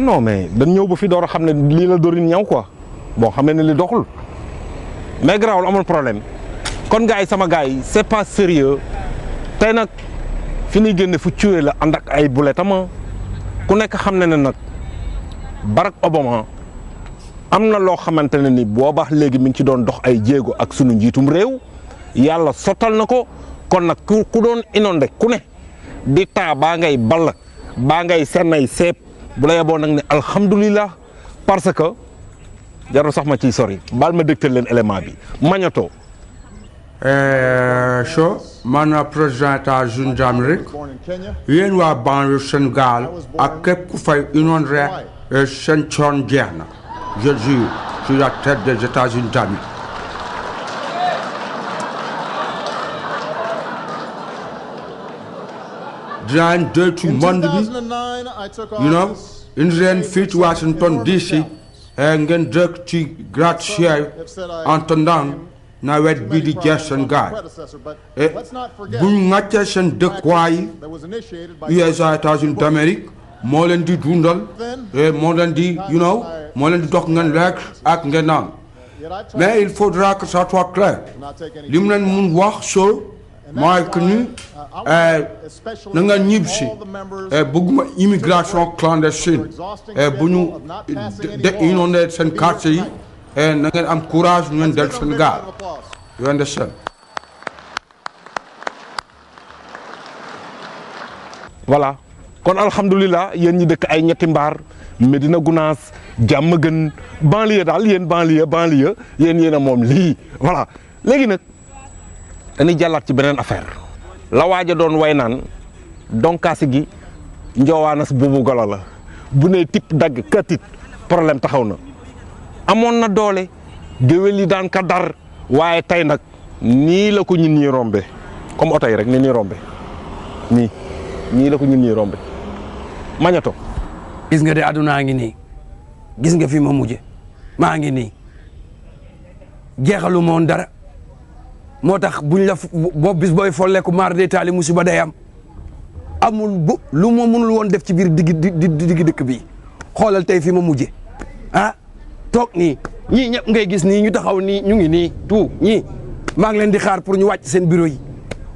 ah non mais dañ ñëw ba fi door a xam ne lii la dorin ñaw quoi boo xam ne li doxul mais garaawul amul problème kon gars yi sama gars yi c'est pas sérieux tey nag fi ñuy génne fu cuwee la ànd ak ay buletama ku nekk xam ne ne nag Barack Obama am na loo xamante ne ni booba léegi mi ngi ci doon dox ay jéego ak sunu njiitum réew yàlla sottal na ko kon nag ku doon inondé ku ne di taa baa ngay ball baa ngay sennay seep bu la yeboo nag ne alhamdulilah parce que jarul sax ma ciy sori baal ma dégtal leen élément bi Magneto. Eh, so man président à Jeunes d'Amérique yéen waa banlieue Sénégal ak képp ku fay inondé seen coon jeex na je suis sur la tête des États-Unis d'Amérique drawing day to monde bi you know indi leen fii ci Washington e ngeen dëkk ci gratte-ciel en tendant nawet bii di jeex seen gaay et bu ñu ŋàccee seen dëkkuwaay yi USA États-Unis d'Amérique moo leen di dundal et eh, moo leen di you know moo leen di dox ngeen lekk ak ngeen naan mais il faudra que ça soit clair li mu leen mun wax so mooy que ñun bu ñu de euh, euh, euh, courage ñu del kon alhamdulilah yéen ñi dëkk ay ñetti mbaar Médina Gounass jàmm gën banlieue daal yéen banlieue banlieue yéen yéen a moom lii voilà léegi nag dañuy jàllaat ci beneen affaire la waaj doon way naan donkaasi gi njoowaanas buubu golo la bu ne tip dagg katit problème taxaw na amoon na doole géwél yi daan ka dar waaye tey nag nii la ko ñun ñuy rombe comme oto rek ni ñuy rombe nii nii la ko ñun ñuy rombe mañato gis nga de àddunaa ngi nii gis nga fi ma mujje maa ngi nii jeexalu moon dara moo tax bu buñ la boo bis booy folleeku maar day taali musiba day am amul bu lu ma mënul woon def ci biir digg diggi dëkk bi xoolal tey fi ma mujje ah toog nii ñii ñëpp ngay gis nii ñu taxaw nii ñu ngi nii tout ñii maa ngi leen di xaar pour ñu wàcc seen bureau yi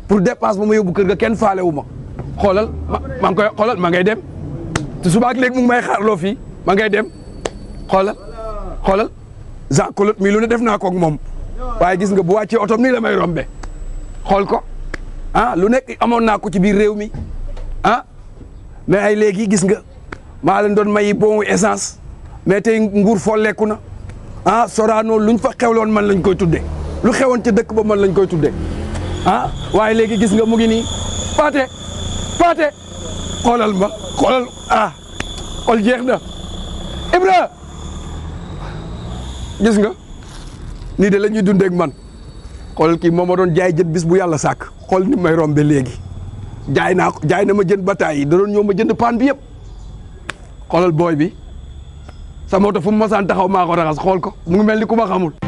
pour dépense ba ma yóbbu kër ga kenn faale wu ma xoolal ma maa ngi koy xoolal ma ngay dem te suba ak léegi mu ngi may xaarloo fii ma ngay dem xoolal xoolal Jean Claude mii lu ne def naa koog moom. waaye gis nga bu wàccee otom nii la may rombe xool ko ah lu nekk amoon naa ko ci biir réew mi ah mais ay léegi gis nga maa leen doon mayi bon essence mais tey nguur foo folleeku na ah Sorano luñ fa xewloon man lañ koy tuddee lu xewoon ca dëkk ba man lañ koy tudde ah waaye léegi gis nga mu ngi nii paate paate xoolal ma xoolal ah xool jeex na Ibra gis nga nii de la ñuy dundeek man xool kii moom ma doon jaay jën bis bu yàlla sàkk xool ni may rombe léegi jaay naa jaay na ma jën bataay yi da doon ñëw ma jënd paan bi yëpp xoolal booy bi sama oto fu mu mosaan taxaw maa ko raxas xool ko mu ngi mel ni ku ma xamul